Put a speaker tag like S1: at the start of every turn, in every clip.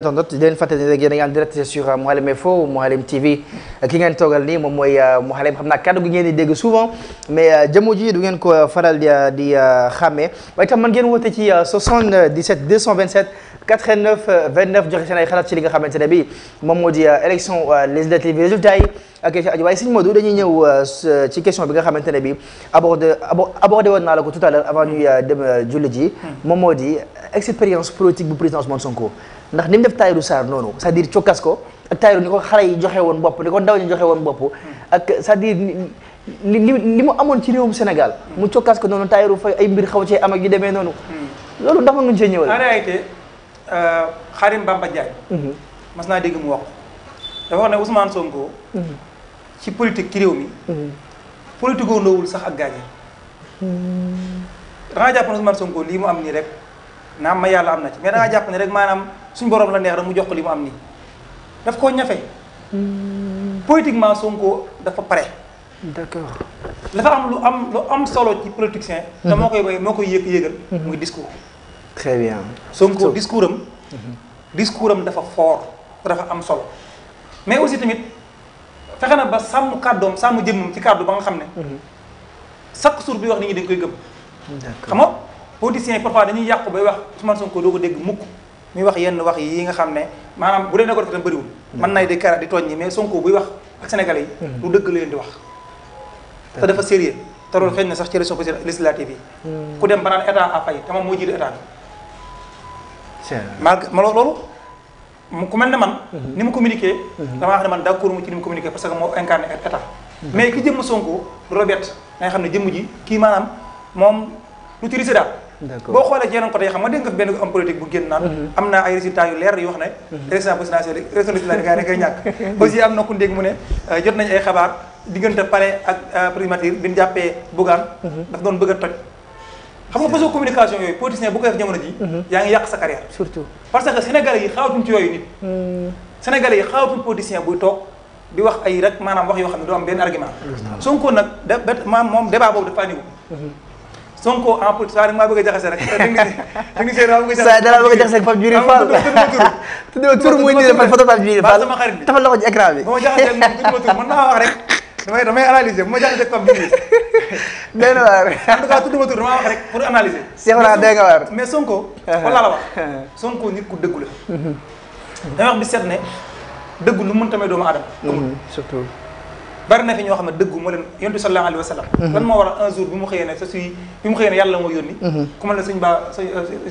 S1: tontot di leen fàttali ne yéen a ngi en direct sur euh, Mouhalim Info Mouhalim TV euh, ki ngeen toogal nii moom mooy euh, Mouhalim xam naa kaddu gi ngeen di dégg souvent mais jëmm ji du ngeen ko faral di di xàmmee waaye itam man ngeen woote ci 77 227 89 29 euh, joxe seen ay xalaat ci li nga xamante bi moom moo di euh, élection euh, législative résultat ak ci aju waaye sëñ Modou dañuy ñëw ci question bi nga xamante ne bi abordé abordé woon naa la ko tout à l'heure avant ñuy dem julli ji hmm. moom moo di expérience politique bu président Ousmane Sonko ndax ni mu def Tahirou Sarr noonu c'est-à-dire cokkas ko ak Tahirou ni ko xale yi joxe woon bopp ni ko ndaw ñi joxe woon bopp hmm. ak c'est-à-dire li li mu amoon ci réewum Sénégal mu cokkas ko noonu Tahirou Faye ay mbir xaw cee am ak
S2: yu Xarim euh, Bamba Diagne. Mhm. mas naa dégg mu wax dafa wax ne Ousmane Sonko. Mhm. ci politique ci réew mi. Mhm. politique noowul sax ak gaañe. da ngaa jàpp ne Ousmane Sonko lii mu am nii rek naam ma yàlla am na ci mais da jàpp ne rek maanaam suñu borom la neex rek mu jox ko li mu am nii daf koo ñafe. politiquement Sonko dafa pare. d'accord dafa am lu am lu am solo ci politicien. te moo koy moo koy yëg yëgal. muy discours.
S1: très bien Sonko discours
S2: am. discours am dafa fort dafa am solo mais aussi tamit fexe na ba sàmm kàddoom sàmm jëmmam ci kàddu ba nga xam ne. Mhm. chaque jour bi wax nit ñi dañ koy gëm.
S1: d'accord
S2: xam nga politiciens yi parfois dañuy yàqu bay wax Ousmane Sonko doo ko dégg mukk ñu wax yenn wax yi nga xam ne maanaam bu dee nagoo def itam bëriwul. mën nay di kara di tooñ ñi mais Sonko buy wax ak Sénégalais yi. lu mhm. dëgg leen di wax. te dafa sérieux te loolu xëy na sax ci élection présidentielle législative yi. Mhm. ku dem ba naan état a moo jiitu malgré ma loolu ku mel ne man ni mu communiqué dama wax ne man d'accord mu ci ni mu communiqué parce que moo incarné état mais ki jëmm Sonko Robert nga xam ne jëmm ji kii maanaam moom lu tirise daal boo xoolee ci yeneen côté yi xam ma dégg nga benn homme politique bu génn naan mhm. am naa ay résultats yu leer yu wax ne élection mhm. présidentielle élection législative gars yi rekk ay ñàkk aussi am na ku dégg mu ne euh, jot nañu ay xabaar diggante palais ak euh, primature bi ñu jàppee Bougane mhm. daf doon bëgg a toj xam nga façon communication yooyu politicien bu ko def mhm. que sénégalais yi xaawatuñ ci yooyu nit hmm. sénégalais yi xaawatuñ politicien buy toog di wax ay rek maanaam wax yoo xam ne doo am benn argument hmm. Sonko nag da moom débat boobu dafa niwu mhm. Sonko en politique maa bëgg a jaxase rek technicien a jaxase dara bëgg a jaxase Pape Djibril Fall tudd tur loxo ci écran bi dégg nga waar. en tout cas tudduma tur damaa wax rek pour analyser. Cheikh Bara dégg nga waar. mais Sonko. wala la wax Sonko nit ku dëggu la. Mhm. dama wax bi seet ne dëggu lu mën tamit doomu aadama.
S1: Mhm,
S2: bari na fi ñoo xam ne dëggu moo leen yontu sallallahu alayhi wa sallam. Mhm. lan moo sa suy bi mu xëyee ne yàlla ba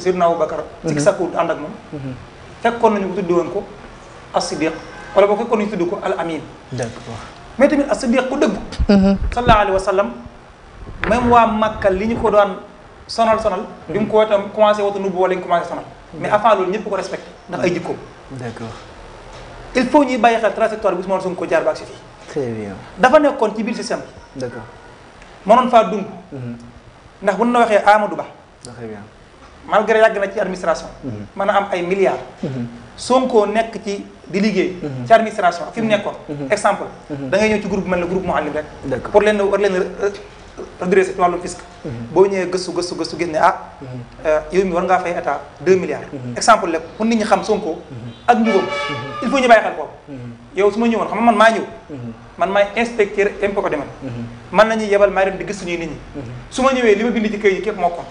S2: Seydina Abubakar. ci sakku ànd ak moom. fekkoon nañu ko tuddi ko as-Siddiq wala boo fekkoon nañu tudd ko al Amin. d'accord mais tamit as-Siddiq ku dëggu. sallallahu alayhi wa même waa Makka li ñu ko daan sonal sonal bi mu ko itam commencé woote nubbu wala ñu commencé sonal mais avant loolu ñëpp ko respecté ndax ay jikkoom d'accord il faut ñuy bàyyi xel trajectoire bi Ousmane Sonko jaar ba ak si fii très dafa nekkoon ci biir système bi d'accord mënoon faa dund mhm. ndax bu na waxee Amadou Ba très bien malgré yàgg na ci administration mhm. mën a am ay milliards mhm. Sonko nekk ci di liggéey ci administration fi mu nekkoon exemple da ngay ñëw ci groupe mel ne groupe Mouhalim rek pour leen war leen redressé ci wàllum fisc boo ñëwee gëstu gëstu su gis ne ah mhm. yow mi war ngaa fay état deux milliards mhm. exemple la pour nit ñi xam Sonko mhm. ak njubam il faut ñu bàyyi xel boobu yow su ma ñëwoon xam man maa ñëw man maay inspecteur impôt ko demal man la ñuy yebal maay dem di gëstu ñuy nit ñi su ma ñëwee li ma bind ci këy yi képp moo ko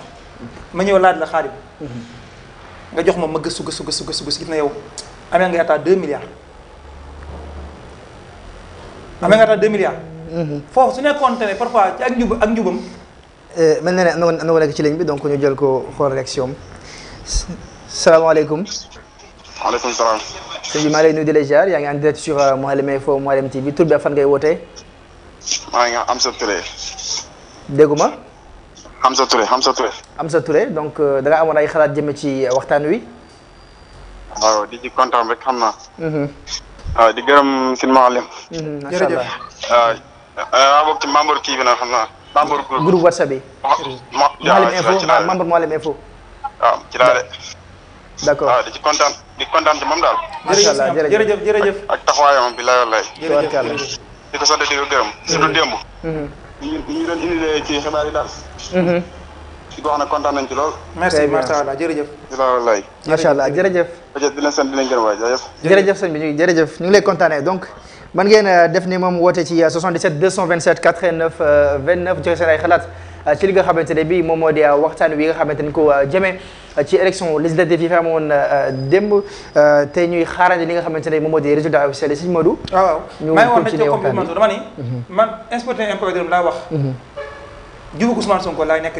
S2: ma ñëw laaj la xaalis nga jox ma ma gëstu gëstu gëstu gëstu gis na yow amee nga état deux milliards amee nga état deux milliards Mhm. foofu su nekkoon ne parfois ci ak njub ak njubam.
S1: Eh, mel na ne am na woon ci ligne bi donc ñu jël ko xool réaction am salaamaaleykum. maaleykum salaam. sëñ lay nuyu di la ziar yaa ngi en direct sur euh, Mouhalim Info am sa Touré. dégguma. am sa Touré am sa Touré. donc euh, da nga amoon ay xalaat jëme ci euh, waxtaan wi.
S2: waaw di ci kontaan rek xam na mhm. ah, di gërëm sëñ Mouhalim.
S1: Mhm, jërëjëf macha
S2: allah. Ah, maa bokk ci membre kii bi nag xam naa. membre groupe groupe whatsapp bi. mo Mouhalim Info waaw membre Mouhalim Info. waaw ci laa de. Ah, di ci kontaan di kontaan ci moom daal.
S1: macha allah jërëjëf
S2: jërëjëf ak taxawaayam bi laay wallaay. jërëjëf jërëjëf di ko sant di ko gërëm. Mm-hmm. surtout démb. Mm-hmm. ñu ñu ñu doon daal. Mm-hmm. di ko wax kontaan nañ ci lool. merci macha allah jërëjëf. wallaay. macha jërëjëf. di leen sant di leen gërëm
S1: bi jërëjëf ñu ngi lay donc man ngeen euh, def ni moom woote ci 77 227 89 29 joxe seen ay xalaat euh, ci li nga xamante ne bii moom moo di euh, waxtaan wi nga xamante ni ko jëmee ci élection législative yi fi li nga xamante ne moom moo di résultat officiel yi sëñ Modou. Ah, waaw waaw maa ngi woon ci compliment dama
S2: ni. Mhm. man mhm.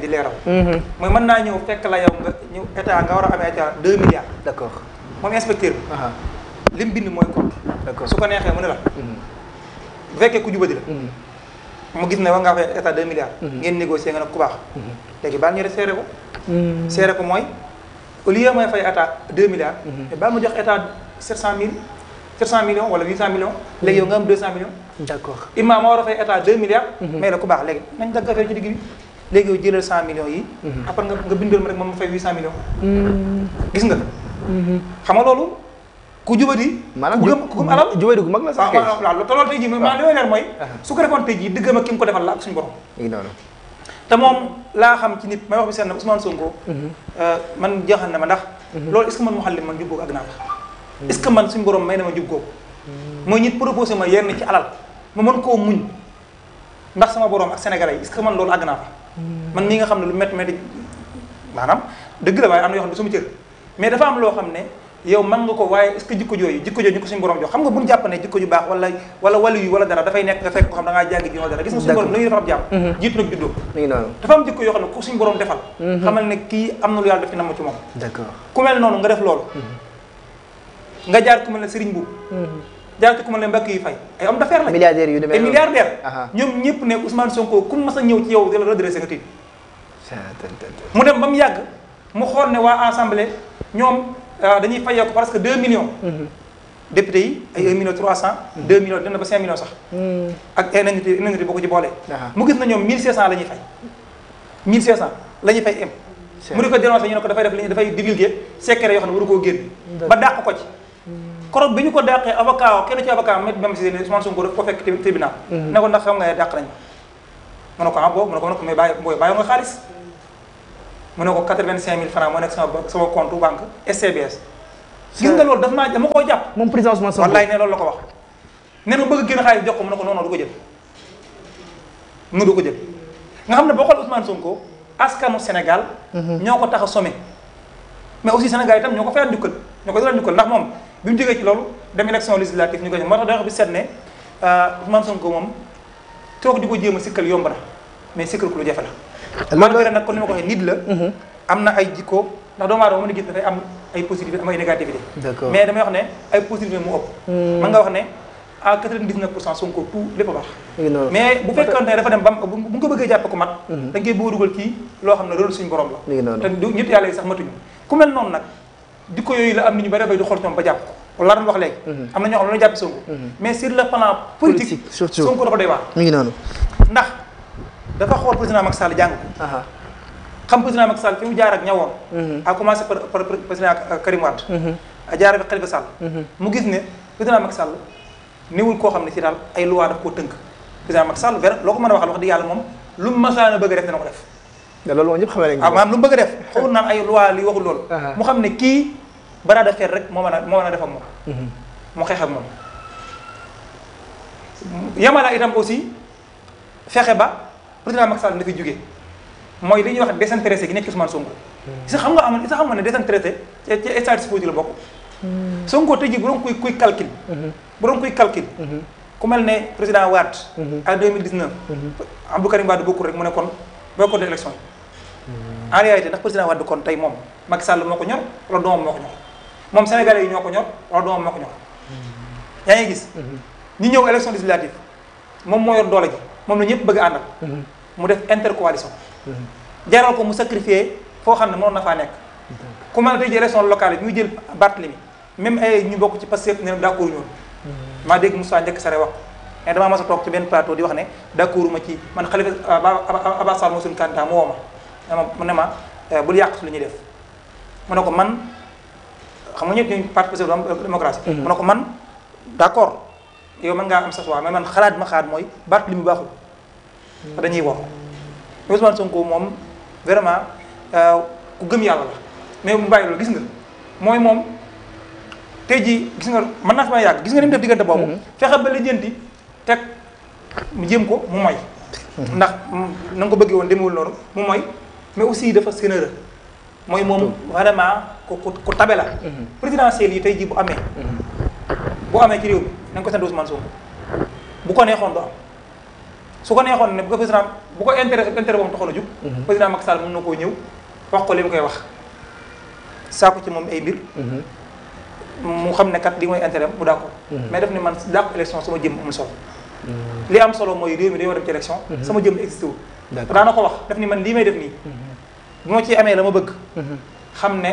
S2: di leeral. Mhm. mooy naa ñëw fekk la yow nga war a amee état 2 milliards. d' moom inspecteur li mu bind mooy compte. d'accord su ko neexee mu ne la. Mhm. bu fekkee ku jubadi la. Mhm. mu gis ne war ngaa fay état 2 milliards. Mhm. nga ne ku baax. léegi baal ñu rek seere ko. seere ko mooy au lieu may fay état 2 milliards. mais baal ma jox état 700000 700 millions wala 800 millions. léegi yow nga am 200 millions. d'accord imam ma war a fay état 2 milliards. mais la ku baax léegi nañ dagg affaire ci digg bi. léegi yow jëlal 100 millions yi. après nga nga bindal moom ma fay 800 millions. gis nga. xam loolu. ku jubati maanaam ku gëm alal jubati gu mag la sax ah, kay waaw te loolu tey jii maa ah. li may leer mooy ah. su ko defoon tey ko defal la ak suñu borom ngi te moom laa xam ci nit may wax bi seen na Ousmane Sonko mhm. euh, man jaaxal na ma ndax mhm. loolu est-ce que man mu xalli man jub googu naa fa mhm. est man suñu borom may na ma jub googu mooy nit proposé ma yenn ci alal ma mën koo muñ ndax sama borom ak sénégalais yi est que man loolu àgg fa man mii nga xam ne lu met métti métti maanaam dëgg la waaye am na yoo xam su ma sama cër mais dafa am loo xam ne yow man nga ko waaye est-ce que jikko jooyu jikko jooyu ñu ko suñu borom jox xam nga bu ñu jàpp ne jikko ju baax wala wala wàllu yu wala dara dafay nekk nga fekk ko xam da ngaa jàngi ji wala dara gis nga suñu borom la ñuy defar ab jàmm mm-hmm. jiitu nag juddoo dafa am jikko yoo xam ne ku suñu borom defal mm-hmm. xamal ne kii am na lu yàlla def ci namm ci moom d'accord ku mel noonu nga def loolu mm-hmm. nga jaar ku mel ne Serigne Boub jaar ci ku mel ne mbakk yi fay ay homme d'affaires la milliardaire yu demee milliardaire ñoom ñëpp ne Ousmane Sonko ku mas a ñëw ci yow di la redressé nga tiit mu dem ba mu yàgg mu xool ne waa assemblée ñoom Euh, dañuy fayeeku parce que 2 millions. Mm-hmm. député yi ay 1 million 300. 2 mm-hmm. millions dem ba 5 millions sax. Mm-hmm. ak indemnité indemnité boo ko ci boolee. mu gis na ñoom 1500 la ñuy fay. 1500 la ñuy fay am. mu di ko génn. ba dàq ko ci. korog bi ñu ko dàqee avocat kenn ci avocat même si Ousmane Sonko daf ko fekk tribunal. ne ko ndax xam nga dàq nañu. mu ne ko ah boobu mu ne ko mais bàyyi booy bàyyi nga xaalis. mu ne ko 85000 francs moo nekk sama sama compte banque SCBS. gis nga loolu daf naa dama koo jàpp. moom président Ousmane Sonko wallaay ne loolu la ko wax. ne ma bëgg génn xaalis jox ko mu ne ko non non du ko jël ko jël nga xam ne boo xoolee Ousmane askanu Sénégal. Mhm. ñoo ko tax a sommé. mais aussi Sénégal itam ñoo ko fayal ñoo ko dalal njukkal ndax moom bi mu jógee ci loolu dem élection législative ñu ko moo tax da wax bi seet ne euh, Ousmane Sonko moom toog di ko jéem a sikkal yomb na mais sikkal ku lu jafe la. malgré nag kon ni ma ko waxee nit la mhm. am na ay jikko ndax doomu aadama mën a gis ne day am ay positivité am ay négativité mais damay wax ne ay positivité mu ëpp hmm. a mais bu fekkoon ne dafa dem ba bu nga ko bëggee jàppe ko mat mhm. da bëgg a dugal kii loo xam ne loolu suñu borom la te ñëpp yàlla yi sax matuñu ku mel noonu nag jikko yooyu la am nit ñu bari bay du xool ñoom ba jàpp ko wala doon wax léegi mhm. am na ñoo xam ne dañu jàpp Sonko mais sur le plan dafa xool président Macky Sall jàng ko. xam président Macky Sall fi mu jaar ak ñawoon. Mhm. a commencé par par président Karim Wade. Mhm. a jaar ak Khalifa Sall. Mhm. mu gis ne président Macky Sall niwul koo xam ne ci daal ay loi daf koo tënk président Macky Sall ver loo ko mën a waxal yàlla moom lu mu masaana bëgg a def dana ko def.
S1: loolu moom ñëpp ah,
S2: bëgg a def xamul naan ay loi xam ne kii bara de fer rek moo mën a moo mën a def ak
S1: moom.
S2: mu xeex ak moom. yamala itam aussi fexe ba. président Macky Sall na fi jógee mooy li ñuy wax désintéressé gi nekk ci Ousmane Sonko. isa xam nga am isa xam nga ne désintéressé ci état dispositif la bokk. Hmm. Sonko tey jii bu doon kuy kuy calcul. Hmm. bu doon kuy calcul. Hmm. ku mel ne président Wade. à 2019. Abdou Karim Wade bokkul rek mu ne kon bokkul de élection yi. en réalité ndax président Wade kon tey moom Macky Sall moo ko ñor wala doomam moo ko ñor moom Sénégalais yi ñoo ko ñor wala doomam moo ko ngi gis. ñu ñëw élection législative moo yor doole ji moom ñëpp bëgg a mu def intercoalition. jaral ko mu sacrifier foo xam ne mënoon na faa nekk. ku mel ne tey jii bi ñu jël Barthélemy même ñu bokk ci Pastef ne d'accord ñoon hmm. maa dégg mu saa Sare wax ne damaa mas a toog ci benn plateau di wax ne d'accord ma ci man Khalifa Ababacar Sall mooy suñu candidat mu ma mu ne ma euh, bul yàq su li ñuy def mu ne ko man xam nga ñëpp ñooy participer de démocratie. Hmm. mu ko man d'accord yow mën ngaa am sa choix mais man xalaat ma xalaat mooy mu baaxul. dañuy wor mais Ousmane Sonko moom vraiment euh, ku gëm yàlla la mais mu bàyyi loolu gis nga mooy moom tey jii gis nga mën naa fi may yàgg gis nga ni mu def diggante boobu. Mm-hmm. fexe ba lijjanti teg mu jéem ko mu may mm-hmm. ndax mm, na ko bëggee woon demewul noonu mu moy mais aussi dafa sénéreux mooy moom mm-hmm. vraiment ku ku tabe la. présidentielle yi tey jii bu amee. bu amee ci réew mi na nga ko sant Ousmane Sonko bu ko neexoon du su ko neexoon ne bu ko président bu ko intérêt intérêt boobu taxoon a jub mhm. président Macky Sall mën na koo ñëw wax ko li mu koy wax saako ci moom ay mbir mhm. mu xam ne kat li mooy intérêt mu d'accord mhm. mais daf ne man dàqu élection sama jëm amul solo li am solo mooy réew mi dañoo dem ci élection sama jëm existé wul daana ko wax daf ni man lii may def nii bu ci amee la ma bëgg xam ne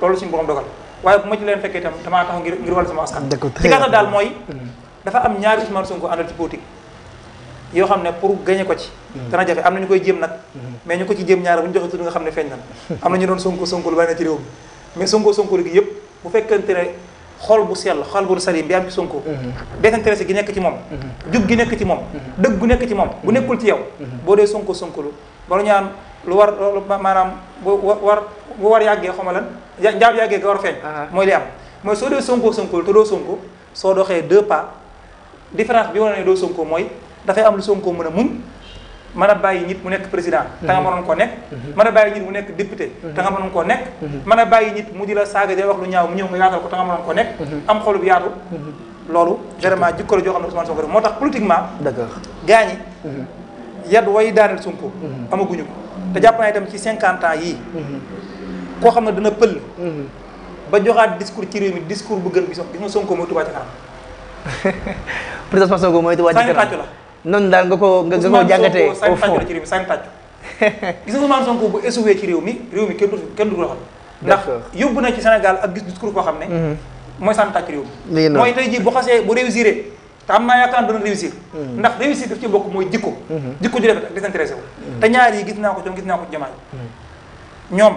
S2: loolu suñu borom dogal waaye bu ma ci leen fekkee itam damaa tax ngir ngir wàllu sama askan ci gàttal daal mooy dafa am ñaari Ousmane Sonko àndal ci politique yoo xam ne pour gagné ko ci hmm. dana jafe am na ñu koy jéem nag hmm. mais ñu ko ci jéem ñaar bu ñu joxe tudd nga xam ne feeñ na am na ñu doon sonko sonko lu bari na ci réew mi mais sonko sonko gi bu fekkente ne xol bu sell xol bu bi am ci sonko désintéressé hmm. gi nekk ci moom jub nekk ci moom dëgg gu ci moom bu nekkul ci yow boo dee sonko sonko lu bala ñaan lu war maanaam bu war bu war yàggee xaw ma lan njaab yàggee nga war feeñ ah. mooy li am mooy soo dee sonko sonko lu te doo sonko soo doxee deux pas différence bi wane ne doo sonko mooy dafay am lu Sonko mën a muñ mën a bàyyi nit mu nekk président te nga mhm. mënoon koo nekk mhm. mën a bàyyi nit mu nekk député te nga mhm. mënoon koo nekk mën a bàyyi nit mu di la saaga day wax lu ñaaw mu ñëw nga yaatal ko te nga mënoon koo nekk am xolu bi yaatu loolu vraiment jikko la joo xam ne Ousmane Sonko moo tax amaguñu ko te jàpp naa itam ci cinquante ans yii koo xam ne dina pël ba joxaat discours ci réew mi discours bu gën bi sox gis nga Sonko mooy Touba ci kanam
S1: président Sonko mooy Touba ci kanam la noonu daal nga ko nga ko jàngatee au fond Ousmane
S2: Sonko sañ tàcc la ci réew mi sañ tàcc gis nga Ousmane Sonko bu échoué ci réew mi réew mi kenn du kenn ndax yóbbu na ci Sénégal ak gis discours koo xam ne mhm. mooy sañ tàcc réew mi mooy tey jii bu xasee bu réussir te am naa yaakaar dana réussir mhm. ndax réussir daf ci bokk mooy jikko mhm. jikko ju rafet ak désintéressé wu te ñaar yi gis naa ko jom gis naa ko jamaay ñoom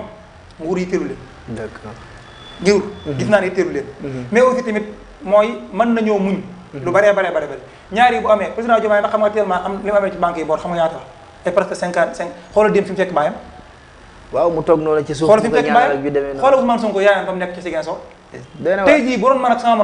S2: nguur yi tëru leen nguur gis naa ne tëru leen mais aussi tamit mooy mën nañoo muñ lu bëree bëree bëri bëri ñaari bu amee président Diomaye nag xam nga actuellement am li mu amee ci banque yi boor xam nga ñaata la et ma jël sama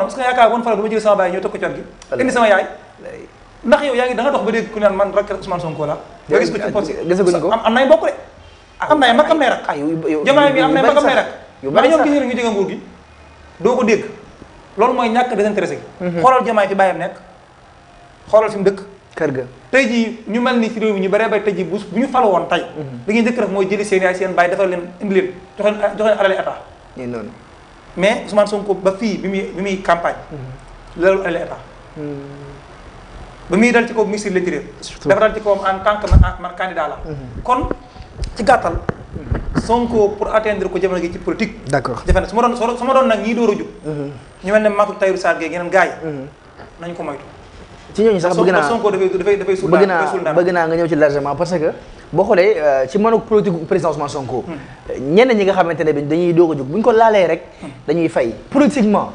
S2: bàyyi ñëw man ñoom gis ñu dégg nguur gi doo ko dégg loolu mooy ñàkk désintéressé gi mhm. xoolal jamaay fi bàyyam nekk xoolal fi mu dëkk kër ga tey jii ñu mel ni ci réew mi ñu baree bay tey jii bu bu ñu fal woon tey mhm. li ñuy njëkk def mooy jëli seen yaay seen bàyyi defal leen indi leen joxe joxe alali état loolu mais Ousmane Sonko ba fii bi muy bi muy campagne mhm. loolu alali état hmm. ba muy dal ci kaw ministre de l'intérieur dafa dal ci kawam en tant que man candidat la kon ci gàttal Sonko pour atteindre ko jamono gi ci politique. d'accord jafe na su ma doon su ma doon nag ñii door a mhm. ñu mel ne Matou Tahirou Sarr geeg yeneen gars yi. Mhm. nañ ko moytu.
S1: ci ñooñu sax bëgg naa Sonko
S2: dafay dafay suul bëgg naa
S1: bëgg naa nga ñëw ci largement parce que boo xoolee euh, ci mënu politique président Ousmane Sonko. Hmm. ñenn ñi nga xamante ne bi dañuy doog a bu ñu ko laalee rek. Hmm. dañuy fay politiquement.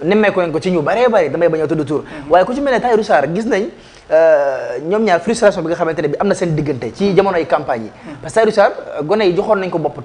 S1: Hmm. nemmeeku nañ ko ci ñu baree bari damay bañ a tudd tur. waaye ku ci mel ne Tahirou Sarr gis nañ Euh, ñoom ñaar frustration bi nga xamante ne bi am na seen diggante ci jamonoy campagne yi. Hmm. parce que Seydou Sarr gone yi joxoon nañ ko bopp